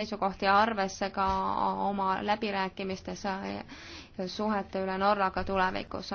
seisukohti arvesse ka oma läbirääkimistes suhete üle Norraga tulevikus.